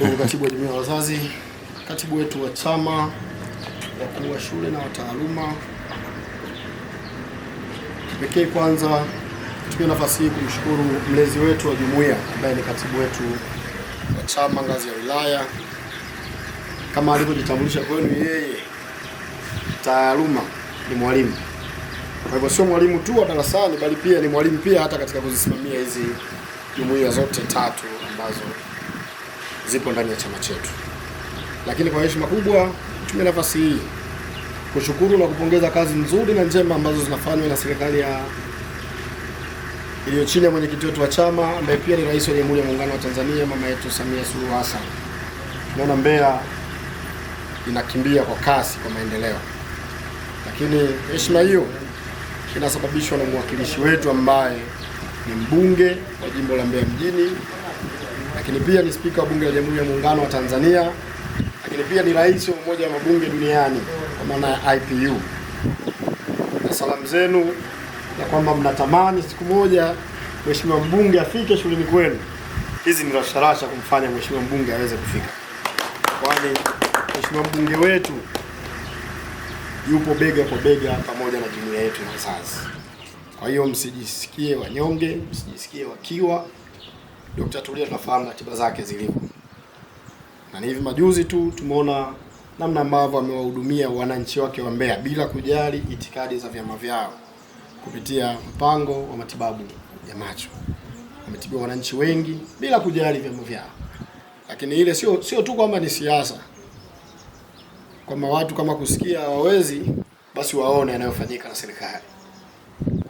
ndugu katibu wa jumuiya ya wazazi, katibu wetu wa chama, wakuu wa shule na wataaluma, kipekee kwanza tumia nafasi hii kumshukuru mlezi wetu wa jumuiya ambaye ni katibu wetu wa chama ngazi ya wilaya. Kama alivyojitambulisha kwenu, yeye taaluma ni mwalimu. Kwa hivyo sio mwalimu tu wa darasani, bali pia ni mwalimu pia hata katika kuzisimamia hizi jumuiya zote tatu ambazo zipo ndani ya chama chetu. Lakini kwa heshima kubwa, nitumie nafasi hii kushukuru na kupongeza kazi nzuri na njema ambazo zinafanywa na serikali ya iliyo chini ya mwenyekiti wetu wa chama ambaye pia ni rais wa Jamhuri ya Muungano wa Tanzania, mama yetu Samia Suluhu Hassan. Tunaona Mbeya inakimbia kwa kasi kwa maendeleo, lakini heshima hiyo inasababishwa na mwakilishi wetu ambaye ni mbunge wa jimbo la Mbeya mjini lakini pia ni spika wa bunge la Jamhuri ya Muungano wa Tanzania, lakini pia ni rais wa Umoja wa Mabunge Duniani kwa maana ya IPU. Na salamu zenu ya kwamba mnatamani siku moja mheshimiwa mbunge afike shuleni kwenu, hizi ni rasharasha kumfanya mheshimiwa mbunge aweze kufika, kwani mheshimiwa mbunge wetu yupo bega kwa bega pamoja na jumuiya yetu ya wazazi. Kwa hiyo msijisikie wanyonge, msijisikie wakiwa Dkt. Tulia tunafahamu ratiba zake zilivyo, na ni hivi majuzi tu tumeona namna ambavyo amewahudumia wananchi wake wa Mbeya bila kujali itikadi za vyama vyao kupitia mpango wa matibabu ya macho. ametibia wananchi wengi bila kujali vyama vyao, lakini ile sio sio tu kwamba ni siasa, kwamba watu kama kusikia hawawezi basi waone yanayofanyika na serikali.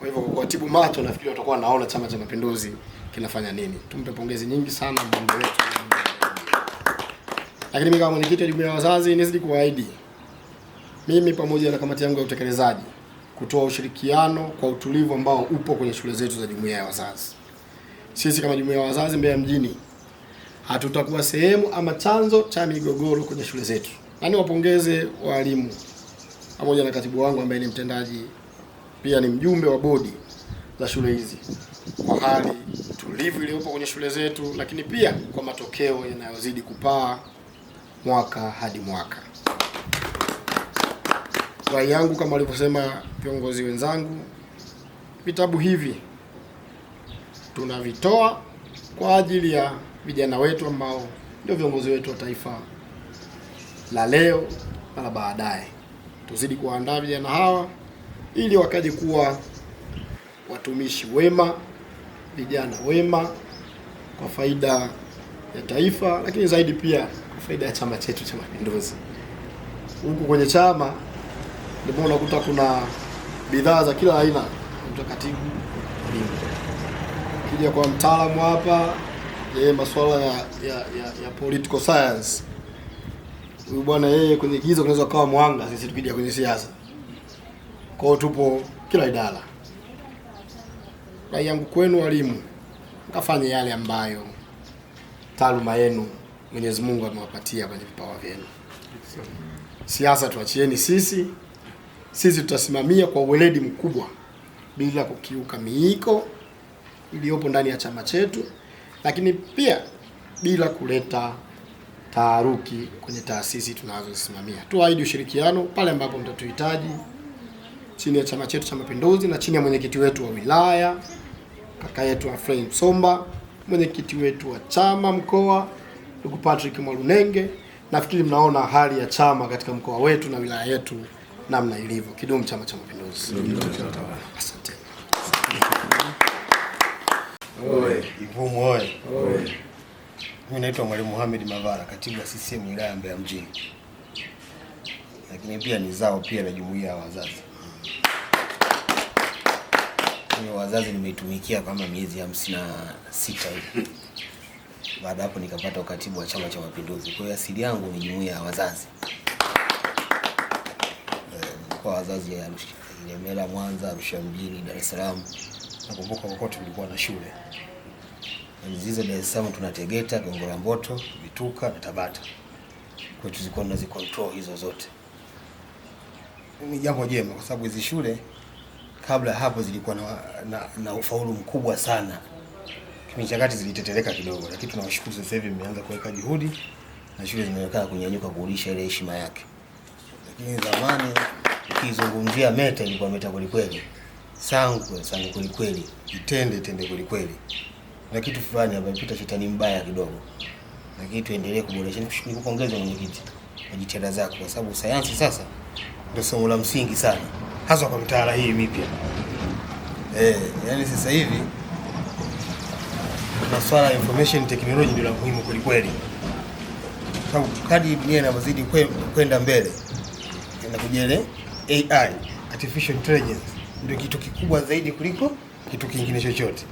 Kwa hivyo kwa kuwatibu macho nafikiri watakuwa naona Chama cha Mapinduzi kinafanya nini. Tumpe pongezi nyingi sana mbunge wetu. Lakini mimi kama mwenyekiti wa jumuiya ya wazazi nizidi kuahidi mimi pamoja na kamati yangu ya utekelezaji kutoa ushirikiano kwa utulivu ambao upo kwenye shule zetu za jumuiya ya wazazi. Sisi kama jumuiya ya wazazi Mbeya mjini hatutakuwa sehemu ama chanzo cha migogoro kwenye shule zetu. Na niwapongeze walimu pamoja na katibu wangu ambaye ni mtendaji pia ni mjumbe wa bodi za shule hizi kwa hali tulivu iliyopo kwenye shule zetu, lakini pia kwa matokeo yanayozidi kupaa mwaka hadi mwaka. Rai yangu kama walivyosema viongozi wenzangu, vitabu hivi tunavitoa kwa ajili ya vijana wetu ambao ndio viongozi wetu wa taifa la leo na la baadaye. Tuzidi kuwaandaa vijana hawa ili wakaje kuwa watumishi wema, vijana wema kwa faida ya taifa, lakini zaidi pia kwa faida ya chama chetu cha Mapinduzi. Huku kwenye chama ndipo unakuta kuna bidhaa za kila aina, mtakatibu kija kwa mtaalamu hapa yeye masuala ya, ya, ya, ya political science. Huyu bwana yeye kwenye giza kunaweza kawa mwanga, sisi tukija kwenye siasa kwa tupo kila idara. Rai yangu kwenu walimu, mkafanye yale ambayo taaluma yenu Mwenyezi Mungu amewapatia kwenye vipawa vyenu. Siasa tuachieni sisi, sisi tutasimamia kwa uweledi mkubwa bila kukiuka miiko iliyopo ndani ya chama chetu, lakini pia bila kuleta taharuki kwenye taasisi tunazosimamia. Tuahidi ushirikiano pale ambapo mtatuhitaji chini ya chama chetu cha Mapinduzi na chini ya mwenyekiti wetu wa wilaya kaka yetu Afrey Msomba, mwenyekiti wetu wa chama mkoa ndugu Patrick Mwalunenge. Nafikiri mnaona hali ya chama katika mkoa wetu na wilaya yetu namna ilivyo. Kidumu Chama cha Mapinduzi! Asante. oye! Mimi naitwa Mwalimu Muhammad Mavara, katibu wa CCM wilaya ya Mbeya mjini, lakini pia ni zao pia la jumuiya ya wazazi kwenye wazazi nimeitumikia kama miezi hamsini na sita hivi. Baada hapo nikapata ukatibu wa Chama cha Mapinduzi. Kwa hiyo asili yangu ni jumuiya ya wazazi kwa wazazi ya Arusha, Ilemela, Mwanza, Arusha mjini, Dar es Salaam. Nakumbuka kokote tulikuwa na shule mzizo Dar es Salaam tunategeta Tegeta, Gongo la Mboto, Vituka na Tabata. Kwa hiyo tulikuwa tunazicontrol hizo zote. Ni jambo jema kwa sababu hizi shule kabla hapo zilikuwa na, na, na ufaulu mkubwa sana. Kimichakati zilitetereka kidogo, lakini tunawashukuru sasa hivi mmeanza kuweka juhudi na shule zimeonekana kunyanyuka kurudisha ile heshima yake. Lakini zamani ukizungumzia Meta ilikuwa Meta kweli kweli, Sangwe Sangwe kweli kweli, Itende Tende kweli kweli, na kitu fulani hapa ipita shetani mbaya kidogo, lakini tuendelee kuboresha. Nikushukuru, kupongeza mwenyekiti kwa jitihada zako, kwa sababu sayansi sasa ndio somo la msingi sana hasa kwa mitaala hii mipya eh, yani sasa hivi na swala ya information technology ndio la muhimu kweli kweli, sababu kadri dunia inavyozidi kwenda mbele na kujele AI artificial intelligence ndio kitu kikubwa zaidi kuliko kitu kingine chochote.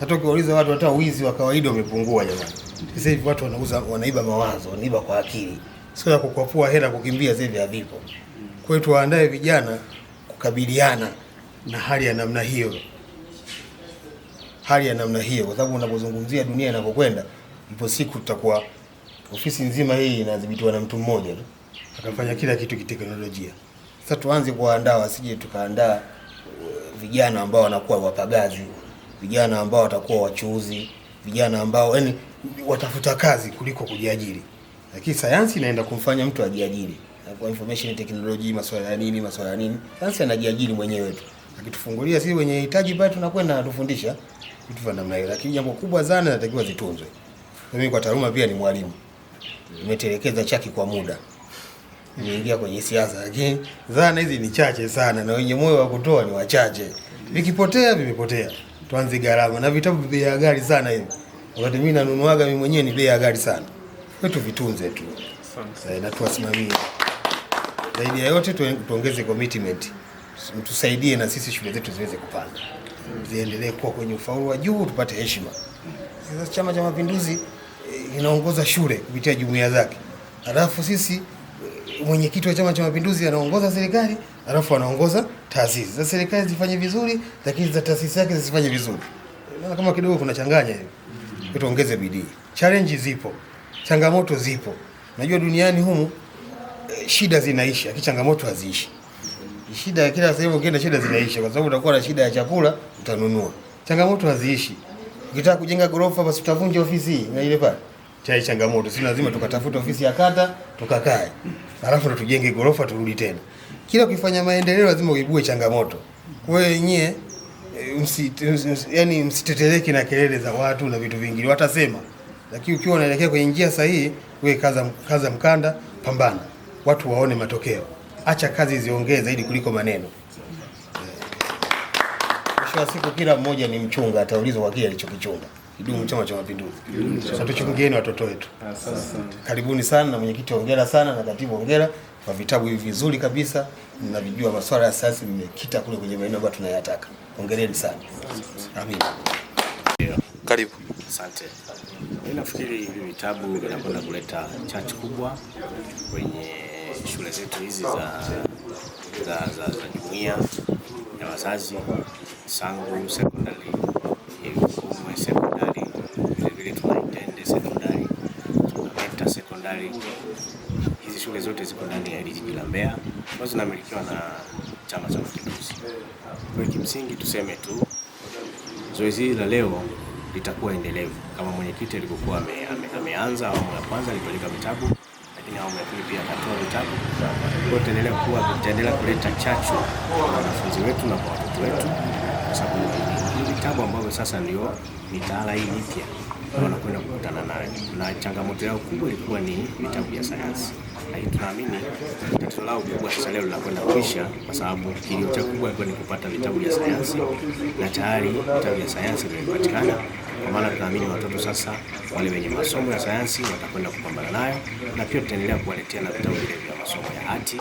Hata ukiwauliza watu, hata wizi wa kawaida umepungua jamani. Sasa hivi watu wanauza, wanaiba mawazo, wanaiba kwa akili, sio ya kukwapua hela kukimbia. Sasa hivi havipo. Kwa hiyo tuwaandae vijana kukabiliana na hali ya namna hiyo, hali ya namna hiyo, kwa sababu unapozungumzia dunia inapokwenda, ipo siku tutakuwa ofisi nzima hii inadhibitiwa na mtu mmoja tu akafanya kila kitu kiteknolojia. Sasa tuanze kuwaandaa wasije tukaandaa uh, vijana ambao wanakuwa wapagazi, vijana ambao watakuwa wachuuzi, vijana ambao yani watafuta kazi kuliko kujiajiri, lakini sayansi inaenda kumfanya mtu ajiajiri kwa information technology, masuala ya nini, masuala ya nini. Sasa anajiajiri mwenyewe tu, akitufungulia sisi wenye hitaji pale tunakwenda anatufundisha vitu vya namna hiyo, lakini jambo kubwa sana natakiwa zitunzwe. Mimi kwa taaluma pia ni mwalimu, nimetelekeza chaki kwa muda, nimeingia kwenye siasa, lakini zana hizi ni chache sana na wenye moyo wa kutoa ni wachache. Vikipotea vimepotea, tuanze gharama na vitabu bei ya gari sana hivi, wakati mimi nanunuaga mimi mwenyewe ni bei ya gari sana. Wetu vitunze tu eh, na tuwasimamie. Zaidi ya yote tuongeze commitment, mtusaidie na sisi shule zetu ziweze kupanda, ziendelee kuwa kwenye ufaulu wa juu, tupate heshima. Sasa Chama cha Mapinduzi eh, inaongoza shule kupitia jumuiya zake, alafu sisi eh, mwenyekiti wa Chama cha Mapinduzi anaongoza serikali, alafu anaongoza taasisi za serikali zifanye vizuri, lakini za taasisi zake zisifanye vizuri. Na kama kidogo kuna changanya hiyo, tuongeze bidii. Challenge zipo, changamoto zipo, najua duniani humu shida zinaisha, changamoto haziishi. Shida kila sehemu ukienda shida zinaisha, kwa sababu utakuwa na shida ya chakula utanunua, changamoto haziishi. Ukitaka kujenga gorofa, basi utavunja ofisi hii na ile pale, cha changamoto si lazima tukatafuta ofisi ya kata tukakae, alafu ndo tujenge gorofa turudi tena. Kila ukifanya maendeleo lazima uibue changamoto. Kwa hiyo yenyewe eh, yaani msiteteleke na kelele za watu na vitu vingine, watasema, lakini ukiwa unaelekea kwenye njia sahihi, wewe kaza, kaza mkanda, pambana watu waone matokeo. Acha kazi ziongee zaidi kuliko maneno. Mwisho wa siku kila mmoja ni mchunga, ataulizwa kwa kile alichokichunga. Kidumu Chama cha Mapinduzi. Tuchungieni watoto wetu. Karibuni sana na mwenyekiti, ongera sana na katibu, ongera kwa vitabu hivi vizuri kabisa. Ninavijua masuala ya sayansi, mmekita kule kwenye maeneo ambayo tunayataka. Hongereni sana. Amina. Karibu. Asante. Nafikiri hivi vitabu vinakwenda kuleta chachu kubwa kwenye shule zetu hizi za za za, za jumuiya ya wazazi Sangu sekondari, Ikumwe sekondari, vilevile tuna Itende sekondari, tuna Meta sekondari. Hizi shule zote ziko ndani ya jiji la Mbeya ambazo zinamilikiwa na Chama cha Mapinduzi. Kwa kimsingi tuseme tu zoezi hili la leo litakuwa endelevu kama mwenyekiti alivyokuwa ameanza. Awamu ya kwanza alipeleka vitabu Waislamu, lakini pia akatoa vitabu. Tutaendelea kuwa tutaendelea kuleta chachu kwa wanafunzi wetu na kwa watoto wetu, kwa sababu ni vitabu ambavyo sasa ndio mitaala hii mipya wanakwenda kukutana nayo, na changamoto yao kubwa ilikuwa ni vitabu vya sayansi, lakini tunaamini tatizo lao kubwa sasa leo linakwenda kuisha, kwa sababu kilio cha kubwa ilikuwa ni kupata vitabu vya sayansi, na tayari vitabu vya sayansi vimepatikana. Kwa maana tunaamini watoto sasa wale wenye masomo ya sayansi watakwenda kupambana nayo, na pia tutaendelea kuwaletea na vitabu vile vya masomo ya hati.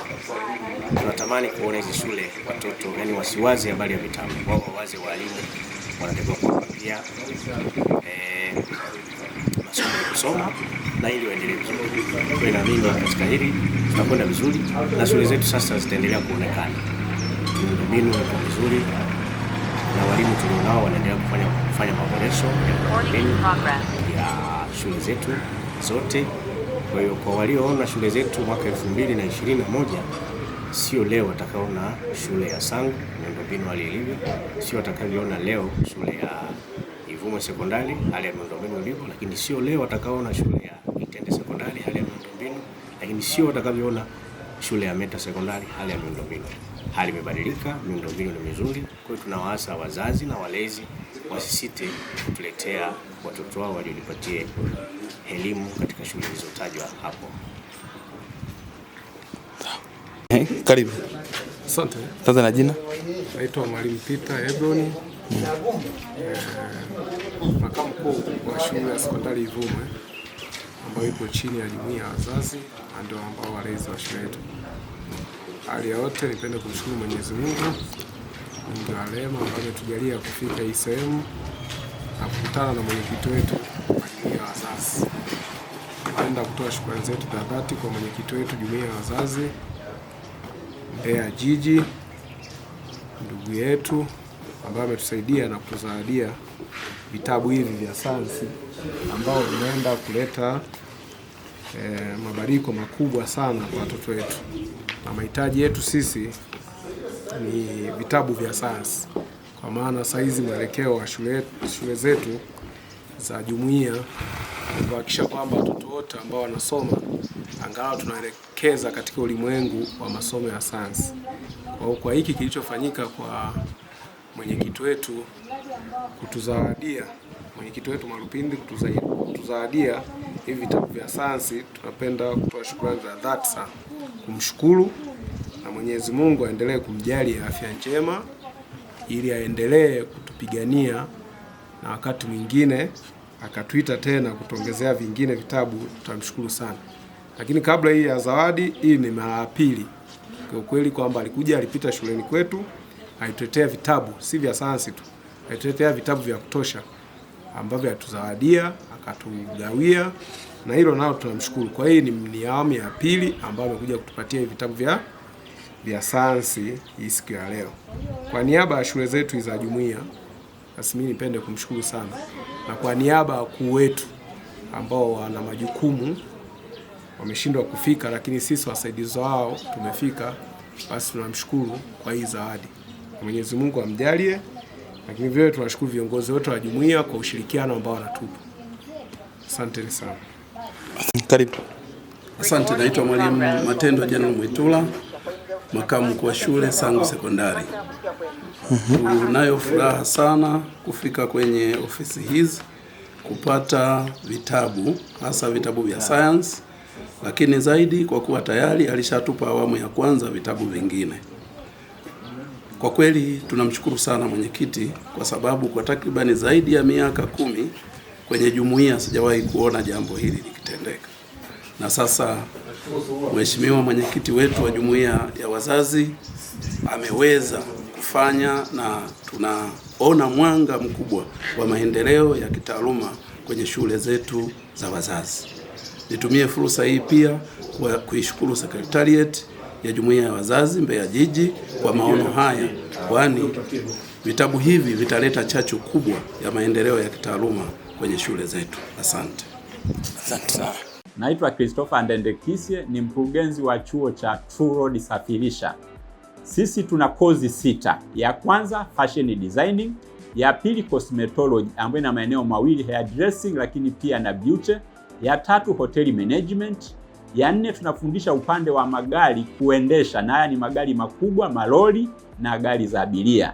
Tunatamani kuona hizi shule watoto yani wasiwazi habari ya vitabu, wao wawazi, walimu wanatakiwa kuwapatia eh, masomo ya kusoma na ili waendelee vizuri. Kwa naamini katika hili tutakwenda vizuri na shule zetu sasa zitaendelea kuonekana miundombinu kwa vizuri na walimu tulionao wanaendelea kufanya kufanya maboresho ya shule zetu zote. Kwa hiyo kwa walioona shule zetu mwaka moja sio leo watakaona shule ya Sangu miundombinu hali ilivyo, sio watakavyoona leo shule ya Ivumo sekondari hali ya miundombinu ilivyo, lakini sio leo watakaona shule ya Itende sekondari hali ya miundombinu, lakini sio watakavyoona shule ya Meta sekondari hali ya miundombinu hali imebadilika, miundombinu ni mizuri. Kwa hiyo tunawaasa wazazi na walezi wasisite kutuletea watoto wao waliojipatie elimu katika shule zilizotajwa hapo. Hey, eh, karibu. Asante. Sasa na jina? Naitwa Mwalimu Peter Ebron. Hmm. Eh, mkuu wa shule ya sekondari Ivume ambayo ipo chini ya jumuiya ya wazazi na ndio ambao walezi wa shule yetu. Hali ya yote nipende kumshukuru Mwenyezi Mungu Mungu wa rehema ambaye ametujalia kufika hii sehemu na kukutana na mwenyekiti wetu wa jumuiya ya wazazi. Napenda kutoa shukrani zetu za dhati kwa mwenyekiti wetu jumuiya ya wazazi Mbeya Jiji, ndugu yetu ambaye ametusaidia na kutuzawadia vitabu hivi vya sayansi ambao vinaenda kuleta e, eh, mabadiliko makubwa sana kwa watoto wetu, na mahitaji yetu sisi ni vitabu vya sayansi, kwa maana saizi mwelekeo wa shule, shule zetu za jumuiya kuhakikisha kwamba watoto wote ambao wanasoma angalau tunaelekeza katika ulimwengu wa masomo ya sayansi. Kwa hiyo kwa hiki kilichofanyika kwa mwenyekiti wetu kutuzawadia, mwenyekiti wetu marupindi kutuzawadia hivi vitabu vya sayansi, tunapenda kutoa shukrani za dhati sana, kumshukuru na Mwenyezi Mungu aendelee kumjali afya njema, ili aendelee kutupigania na wakati mwingine akatuita tena kutuongezea vingine vitabu, tutamshukuru sana. Lakini kabla hii ya zawadi hii, ni mara ya pili kwa kweli kwamba alikuja, alipita shuleni kwetu, alituletea vitabu si vya sayansi tu, alituletea vitabu vya kutosha ambavyo atuzawadia akatugawia, na hilo nalo tunamshukuru. Kwa hiyo ni awamu ya pili ambayo amekuja kutupatia vitabu vya vya sayansi hii siku ya leo. Kwa niaba ya shule zetu za jumuiya, basi mimi nipende kumshukuru sana, na kwa niaba ya wakuu wetu ambao wana majukumu wameshindwa kufika, lakini sisi wasaidizi wao tumefika, basi tunamshukuru kwa hii zawadi. Mwenyezi Mungu amjalie, lakini vile tunashukuru viongozi wote wa jumuiya kwa ushirikiano ambao wanatupa. Asanteni sana. Karibu. Asante, naitwa Mwalimu Matendo January Mwitula, makamu mkuu wa shule Sangu Sekondari. Tunayo furaha sana kufika kwenye ofisi hizi kupata vitabu hasa vitabu vya science, lakini zaidi kwa kuwa tayari alishatupa awamu ya kwanza vitabu vingine. Kwa kweli tunamshukuru sana mwenyekiti kwa sababu kwa takribani zaidi ya miaka kumi kwenye jumuiya sijawahi kuona jambo hili likitendeka. Na sasa Mheshimiwa mwenyekiti wetu wa jumuiya ya wazazi ameweza kufanya na tunaona mwanga mkubwa wa maendeleo ya kitaaluma kwenye shule zetu za wazazi. Nitumie fursa hii pia kwa kuishukuru Secretariat ya jumuiya ya wazazi Mbeya Jiji kwa maono haya, kwani vitabu hivi vitaleta chachu kubwa ya maendeleo ya kitaaluma kwenye shule zetu. Asante. Asante sana. Naitwa Christopher Ndendekisye, ni mkurugenzi wa chuo cha True Road Safirisha. Sisi tuna kozi sita. Ya kwanza fashion designing, ya pili cosmetology ambayo ina maeneo mawili hair dressing, lakini pia na beauty. Ya tatu hotel management, ya nne tunafundisha upande wa magari kuendesha, na haya ni magari makubwa, malori na gari za abiria